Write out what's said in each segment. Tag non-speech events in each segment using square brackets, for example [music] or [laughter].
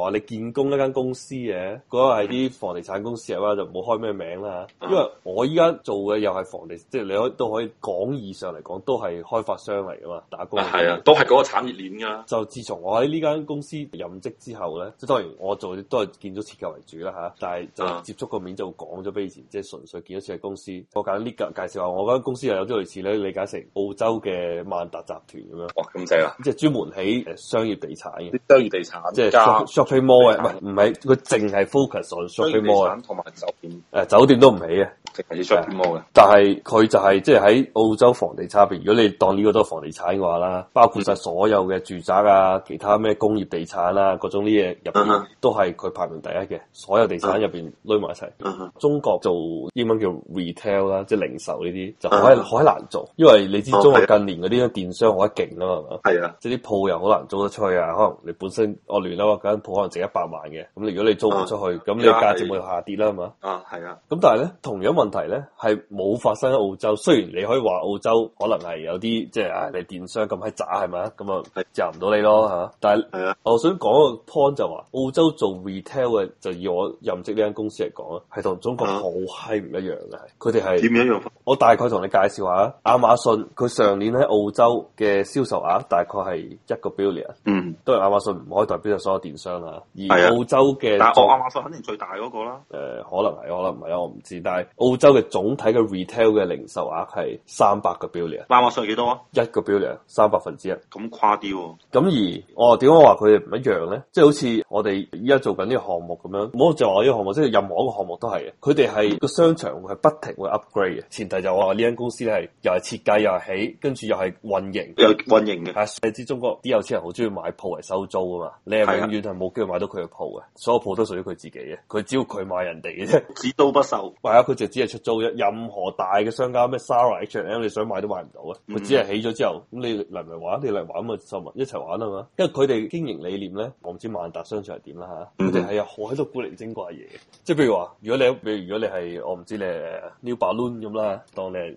話你建工一間公司嘅、啊，嗰個係啲房地產公司嘅、啊、話就冇開咩名啦，因為我依家做嘅又係房地，即、就、係、是、你可都可以廣義上嚟講都係開發商嚟噶嘛，打工啊係啊，都係嗰個產業鏈噶。就自從我喺呢間公司任職之後咧，即當然我做都係建築設計為主啦、啊、吓，但係就接觸個面就廣咗比以前，即係純粹建築設計公司，我揀呢個介紹下，我間公司又有啲類似你理解成澳洲嘅萬達集團咁樣。哇，咁正啊，即係專門起商業地產嘅商業地產，即係、啊推摩嘅？唔係唔係佢淨係 focus on 推摩啊。同埋酒店，誒酒店都唔起啊。係啲出唔嘅， [noise] 但係佢就係、是、即係喺澳洲房地產入邊，如果你當呢個都係房地產嘅話啦，包括晒所有嘅住宅啊，其他咩工業地產啊、各種呢嘢入邊、嗯、哼都係佢排名第一嘅，所有地產入邊堆埋一齊。嗯、哼中國做英文叫 retail 啦，即係零售呢啲就好係好難做，嗯、哼因為你知中國近年嗰啲電商好勁啦嘛，係啊、嗯，即係啲鋪又好難租得出去啊，可能你本身我亂啦嘛，間鋪可能值一百萬嘅，咁你如果你租唔出去，咁、嗯、你價值會下跌啦嘛。啊、嗯，係啊，咁但係咧同樣。問題咧係冇發生喺澳洲，雖然你可以話澳洲可能係有啲即係啊、哎，你電商咁閪渣係咪啊？咁啊，夾唔到你咯吓。但係，的我想講個 point 就話、是，澳洲做 retail 嘅，就以我任職呢間公司嚟講啊，係同中國好閪唔一樣嘅，佢哋係點唔一樣？我大概同你介紹下，亞馬遜佢上年喺澳洲嘅銷售額大概係一個 billion，嗯，都係亞馬遜唔可以代表到所有電商啦，而澳洲嘅的但係我亞馬遜肯定最大嗰個啦，誒、呃，可能係，可能唔係啊，我唔知，但係澳洲嘅總體嘅 retail 嘅零售額係三百個 billion，萬萬歲幾多啊？一個 billion 三百分之一，咁誇啲喎、啊。咁而我點解話佢哋唔一樣咧，即係好似我哋依家做緊呢個項目咁樣，唔好就話呢個項目，即係任何一個項目都係嘅。佢哋係個商場係不停會 upgrade 嘅，前提就話呢間公司係又係設計又係起，跟住又係運營，又運營嘅。你知中國啲有錢人好中意買鋪嚟收租噶嘛？你係永遠係冇機會買到佢嘅鋪嘅，所有鋪都屬於佢自己嘅。佢只要佢買人哋嘅啫，只租不售。係啊， [laughs] 佢就即係出租嘅，任何大嘅商家咩，Zara、H&M，你想買都買唔到啊！佢只係起咗之後，咁你嚟唔嚟玩？你嚟玩咁啊，收埋一齊玩啊嘛！因為佢哋經營理念咧，我唔知萬達商場係點啦吓，佢哋係啊，我喺度古靈精怪嘢。即係譬如話，如果你，譬如如果你係我唔知你 New Balance 啦，當你係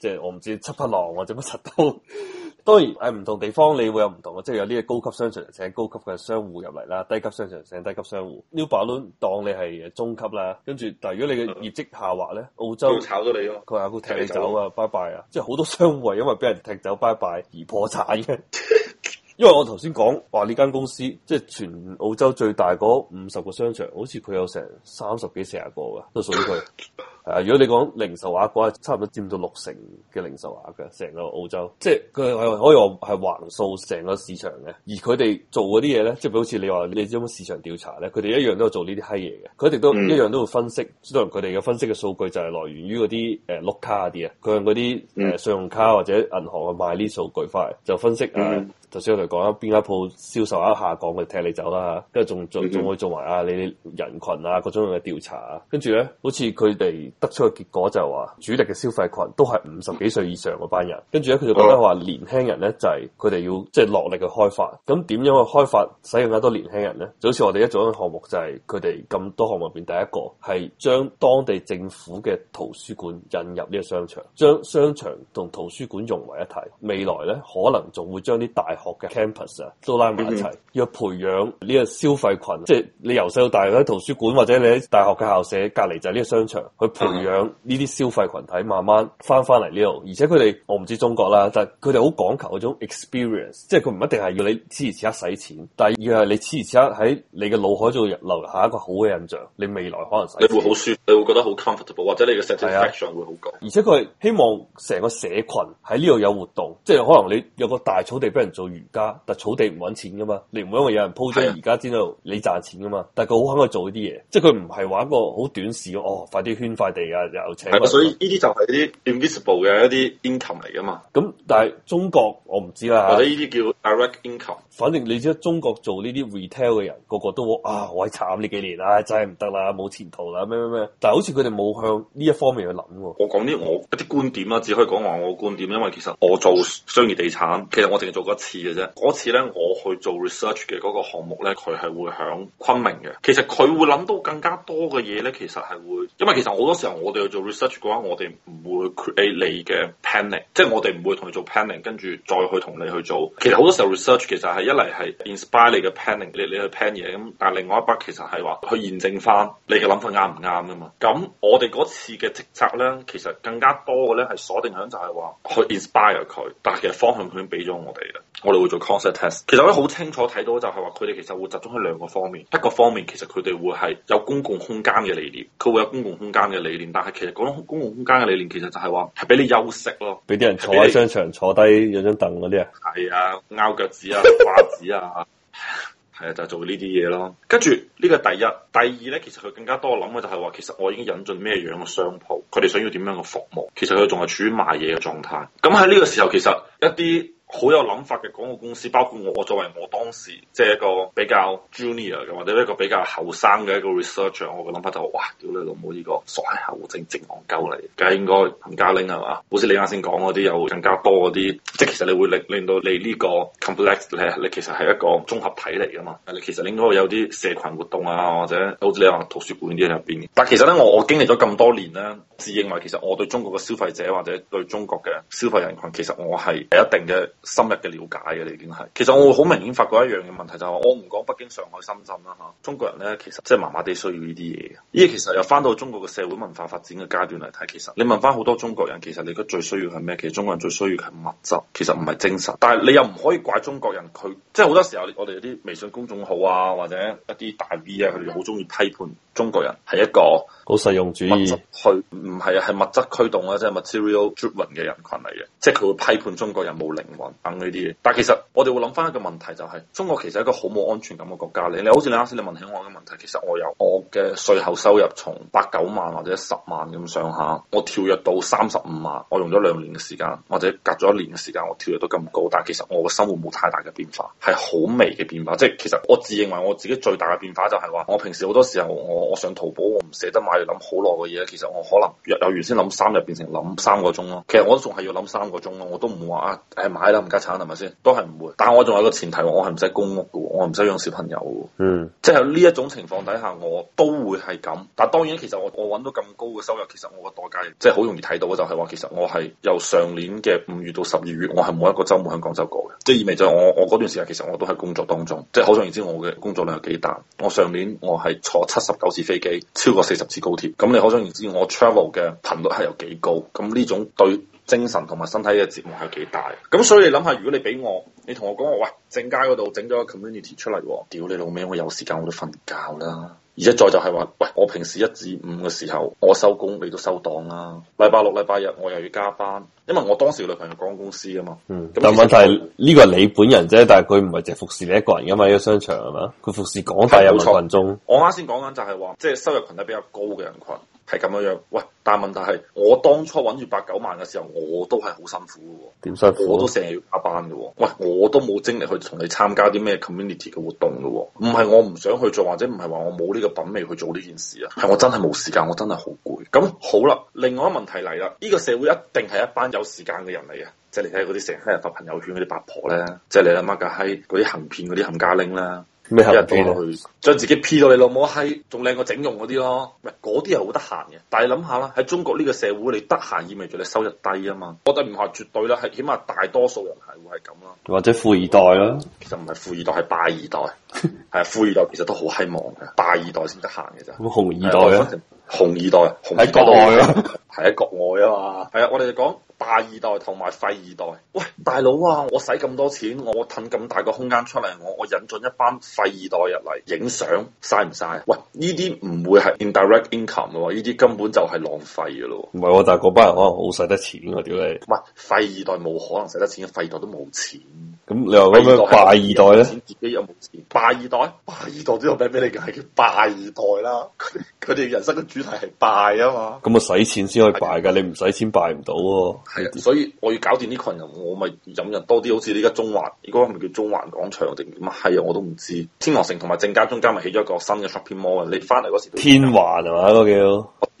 即係我唔知七匹狼或者乜柒刀。當然，喺唔同地方你會有唔同嘅，即係有呢個高級商場請高級嘅商戶入嚟啦，低級商場請低級商戶。New Balance 當你係中級啦，跟住但係如果你嘅業績下滑咧，澳洲炒咗你咯，佢話佢踢你走啊，走拜拜啊！即係好多商戶因為俾人踢走拜拜而破產嘅。 [laughs] 因為我頭先講話呢間公司，即係全澳洲最大嗰五十個商場，好似佢有成三十幾四十個嘅，都屬於佢。 [laughs] 係，如果你講零售額嘅話，差唔多佔到六成嘅零售額㗎。成個澳洲，即係佢係可以話係橫掃成個市場嘅。而佢哋做嗰啲嘢咧，即係好似你話你做乜市場調查咧，佢哋一樣都係做呢啲閪嘢嘅。佢哋都一樣都會分析，嗯、雖然佢哋嘅分析嘅數據就係來源於嗰啲誒碌卡啲啊，佢用嗰啲誒信用卡或者銀行去買呢啲數據翻嚟，就分析啊，頭先、嗯嗯、我哋講啊，邊一鋪銷售額下降，佢踢你走啦，跟住仲仲仲會做埋啊你啲人群啊、那個、各種嘅調查啊，跟住咧好似佢哋，得出嘅結果就係話主力嘅消費群都係五十幾歲以上嗰班人，跟住咧佢就覺得話年輕人咧就係佢哋要即係落力去開發，咁點樣去開發使用更多年輕人咧？就好似我哋一組嘅項目就係佢哋咁多項目入邊第一個係將當地政府嘅圖書館引入呢個商場，將商場同圖書館融為一體。未來咧可能仲會將啲大學嘅 campus 啊都拉埋一齊，要培養呢個消費群，即係你由細到大喺圖書館或者你喺大學嘅校舍隔離就係呢個商場去。培養呢啲消費群體慢慢翻翻嚟呢度，而且佢哋我唔知中國啦，但係佢哋好講求嗰種 experience，即係佢唔一定係要你此時此刻使錢，但係要係你此時此刻喺你嘅腦海度留下一個好嘅印象，你未來可能使你會好舒服。你會覺得好 comfortable，或者你嘅 satisfaction、啊、會好高。而且佢係希望成個社群喺呢度有活動，即係可能你有個大草地俾人做瑜伽，但草地唔揾錢噶嘛，你唔會因為有人鋪張瑜伽知道你賺錢噶嘛？但佢好肯去做呢啲嘢，即係佢唔係話一個好短視哦，快啲圈塊地啊，有車。所以呢啲就係啲 invisible 嘅一啲 income 嚟噶嘛。咁但係中國我唔知啦，或者呢啲叫 direct income。反正你知中國做呢啲 retail 嘅人個個都啊，我係慘呢幾年啊，真係唔得啦，冇前途啦，咩咩咩。但好似佢哋冇向呢一方面去諗，我講啲我一啲觀點啦，只可以講話我觀點，因為其實我做商業地產，其實我淨係做過一次嘅啫。嗰次咧，我去做 research 嘅個項目咧，佢係會響昆明嘅。其實佢會諗到更加多嘅嘢咧，其實係會，因為其實好多時候我哋去做 research 嘅話，我哋唔會 create 你嘅 planning，即係我哋唔會同你做 planning，跟住再去同你去做。其實好多時候 research 其實係一嚟係 inspire 你嘅 planning，你你去 plan 嘢咁，但係另外一 part 其實係話去驗證翻你嘅諗法啱唔啱啊嘛。咁我哋嗰次嘅職責咧，其實更加多嘅咧係鎖定喺就係話去 inspire 佢，但係其實方向佢已經俾咗我哋啦。我哋會做 concept test，其實我都好清楚睇到就係話佢哋其實會集中喺兩個方面，一個方面其實佢哋會係有公共空間嘅理念，佢會有公共空間嘅理念，但係其實嗰種公共空間嘅理念其實就係話係俾你休息咯，俾啲人坐喺商場坐低有張凳嗰啲啊，係啊，拗腳趾啊，瓜子啊。 [laughs] 係就係、做呢啲嘢咯，跟住呢個第一、第二咧，其實佢更加多諗嘅就係話，其實我已經引進咩樣嘅商鋪，佢哋想要點樣嘅服務，其實佢仲係處於賣嘢嘅狀態。咁喺呢個時候，其實一啲。好有諗法嘅廣告公司，包括我作為我當時即係一個比較 junior 嘅，或者一個比較後生嘅一個 researcher，我嘅諗法就係：哇！屌你老母呢個傻閪後生，正正戇鳩嚟，梗係應該加玲係嘛？好似你啱先講嗰啲，有更加多嗰啲，即係其實你會令令到你呢個 complex 咧，你其實係一個綜合體嚟㗎嘛。你其實你應該會有啲社群活動啊，或者好似你話圖書館啲入邊嘅。但其實咧，我我經歷咗咁多年咧，自認為其實我對中國嘅消費者或者對中國嘅消費人群，其實我係有一定嘅。深入嘅了解嘅、啊，你已經係其實我會好明顯發覺一樣嘅問題，就係我唔講北京、上海、深圳啦，嚇，中國人咧其實即係麻麻地需要呢啲嘢嘅。呢嘢其實又翻到中國嘅社會文化發展嘅階段嚟睇，其實你問翻好多中國人，其實你覺得最需要係咩？其實中國人最需要係物質，其實唔係精神。但係你又唔可以怪中國人，佢即係好多時候我哋有啲微信公眾號啊，或者一啲大 V 啊，佢哋好中意批判中國人係一個好實用主義物質去，唔係啊，係物質驅動啊、就是，即係 material driven 嘅人群嚟嘅，即係佢會批判中國人冇靈魂。等呢啲嘢，但係其實我哋會諗翻一個問題，就是，就係中國其實一個好冇安全感嘅國家。你你好似你啱先你問起我嘅問題，其實我有我嘅稅後收入從八九萬或者十萬咁上下，我跳躍到三十五萬，我用咗兩年嘅時間，或者隔咗一年嘅時間，我跳躍到咁高，但係其實我嘅生活冇太大嘅變化，係好微嘅變化。即係其實我自認為我自己最大嘅變化就係，是、話，我平時好多時候我我上淘寶，我唔捨得買，要諗好耐嘅嘢，其實我可能由原先諗三日變成諗三個鐘咯。其實我都仲係要諗三個鐘咯，我都唔會話啊誒、哎、買.唔家產係咪先？都係唔會，但我仲有一個前提，我係唔使供屋嘅，我唔使養小朋友。嗯，即係呢一種情況底下，我都會係咁。但係當然，其實我我搵到咁高嘅收入，其實我個代價即係好容易睇到，嘅就係話其實我係由上年嘅五月到十二月，我係冇一個週末喺廣州過嘅。即係意味就係我我嗰段時間，其實我，我，我，我，其實我都喺工作當中。即係可想而知我嘅工作量有幾大。我上年我係坐七十九次飛機，超過四十次高鐵。咁你可想而知我 travel 嘅頻率係有幾高。咁呢種對。精神同埋身體嘅折磨係幾大？咁所以你諗下，如果你俾我，你同我講我喂正街嗰度整咗個 community 出嚟，屌你老味！我有時間我都瞓覺啦。而且再就係話，喂，我平時一至五嘅時候我收工，你都收檔啦。禮拜六、禮拜日我又要加班，因為我當時女朋友講公司啊嘛。嗯，但問題呢個係你本人啫，但係佢唔係淨係服侍你一個人噶嘛？呢、這個商場係嘛？佢服侍廣大人民群眾。我啱先講緊就係、是、話，即、就、係、是、收入群體比較高嘅人群。係咁樣樣，喂！但係問題係，我當初揾住八九萬嘅時候，我都係好辛苦嘅，點辛苦？我都成日要加班嘅，喂！我都冇精力去同你參加啲咩 community 嘅活動嘅，唔係我唔想去做，或者唔係話我冇呢個品味去做呢件事啊？係我真係冇時間，我真係好攰。咁好啦，另外一個問題嚟啦，呢個社會一定係一班有時間嘅人嚟嘅，即係你睇嗰啲成日喺度發朋友圈嗰啲八婆咧，即係你阿媽架閪，嗰啲行騙嗰啲冚家拎啦。一日捐落去，將自己 P 到你老母閪，仲靚過整容嗰啲咯。唔係嗰啲係好得閒嘅，但係諗下啦，喺中國呢個社會，你得閒意味住你收入低啊嘛。我覺得唔係絕對啦，係起碼大多數人係會係咁咯。或者富二代啦，其實唔係富二代，係敗二代。係 [laughs] 啊，富二代其實都好希望嘅，大二代先得閒嘅咋。啫、啊呃。紅二代，紅二代，喺國外咯，係喺國外啊， [laughs] 啊國外嘛。係啊，我哋就講大二代同埋廢二代。喂，大佬啊，我使咁多錢，我騰咁大個空間出嚟，我我引進一班廢二代入嚟影相，嘥唔嘥？喂，呢啲唔會係 indirect income 啊，呢啲根本就係浪費噶咯。唔係我就係嗰班人、啊、可能好使得錢，啊。屌你。唔係廢二代冇可能使得錢，廢二代都冇錢。咁你話咩拜二代咧？自己有冇錢？拜二代，拜二代有你，我都俾你嘅，係叫拜二代啦。佢佢哋人生嘅主題係拜啊嘛。咁啊，使錢先可以拜噶，的你唔使錢拜唔到。係啊，的的所以我要搞掂呢群人，我咪引人多啲。好似呢家中環，而家係咪叫中環廣場定乜係啊？我都唔知。天河城同埋正佳中間咪起咗一個新嘅 shopping mall 你、啊。你翻嚟嗰時，天環係嘛？嗰叫。Okay. 我屋係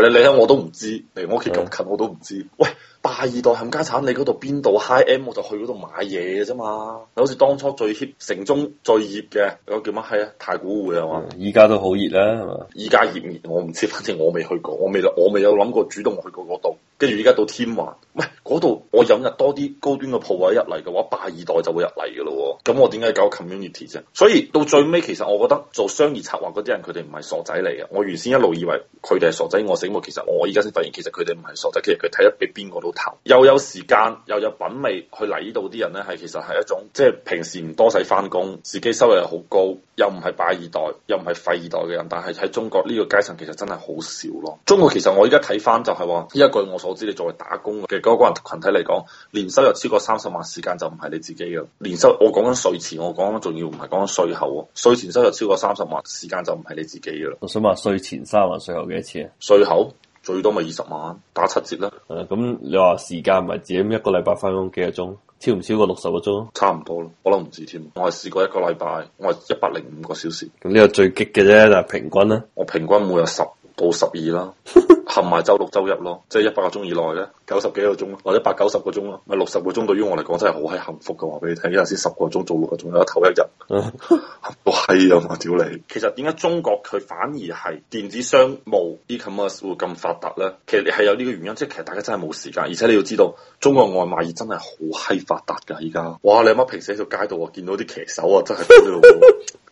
啦，你咧 Yeah. 我都唔知，離我屋企咁近我都唔知。喂，八二代冚家產，你嗰度邊度 High M？我就去嗰度買嘢嘅啫嘛。你好似當初最 hit 城中最熱嘅嗰個叫乜？係啊，太古匯啊嘛。依家都好熱啦，係嘛？依家熱唔熱，我唔知，反正我未去過，我未我未有諗過主動去過嗰度。跟住而家到天環，喂，嗰度我引入多啲高端嘅鋪位入嚟嘅話，霸二代就會入嚟嘅咯。咁我點解搞個 community 啫？所以到最尾其實我覺得做商業策劃嗰啲人佢哋唔係傻仔嚟嘅。我原先一路以為佢哋係傻仔，我醒目，其實我而家先發現其實佢哋唔係傻仔，其實佢睇得比邊個都頭，又有時間又有品味去嚟呢度啲人咧，係其實係一種即係、就是、平時唔多使翻工，自己收入又好高，又唔係霸二代，又唔係廢二代嘅人，但係喺中國呢個階層其實真係好少咯。中國其實我而家睇翻就係話呢一句我。我知你作為打工嘅嗰個人群體嚟講，年收入超過三十萬，時間就唔係你自己嘅。年收我講緊稅前，我講緊仲要唔係講緊稅後。稅前收入超過三十萬，時間就唔係你自己嘅啦、啊。我想問，稅前三萬稅後幾多錢啊？稅後最多咪二十萬打七折啦。誒，咁你話，時間唔係自己，一個禮拜翻工幾多鐘？超唔超過六十個鐘？差唔多咯，我諗唔止添。我係試過一個禮拜，我係一百零五個小時。咁呢個最激嘅啫，就係平均啦。我平均每日十到十二啦。 [laughs] 含埋周六周日咯，即係一百個鐘以內咧，九十幾個鐘或者八九十個鐘咯，咪六十個鐘對於我嚟講真係好閪幸福嘅話俾你聽，有陣時十個鐘做六個鐘，一頭一日，我閪啊嘛，屌你！ [laughs] 其實點解中國佢反而係電子商務 e-commerce 會咁發達咧？其實係有呢個原因，即係其實大家真係冇時間，而且你要知道，中國外賣業真係好閪發達嘅而家。哇！你阿媽平時喺度街度見到啲騎手啊，真係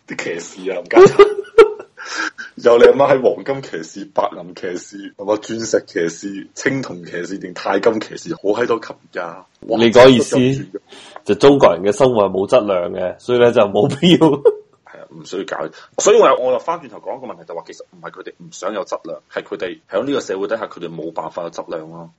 啲 [laughs] 騎士啊，唔該。有你阿媽喺黃金騎士、白銀騎士、同埋鑽石騎士、青銅騎士定鈦金騎士，好喺度級價。你嗰意思就是，中國人嘅生活係冇質量嘅，所以咧就冇必要 [laughs] 。係啊，唔需要搞。所以我又我又翻轉頭講一個問題，就話，是，其實唔係佢哋唔想有質量，係佢哋喺呢個社會底下，佢哋冇辦法有質量咯，啊。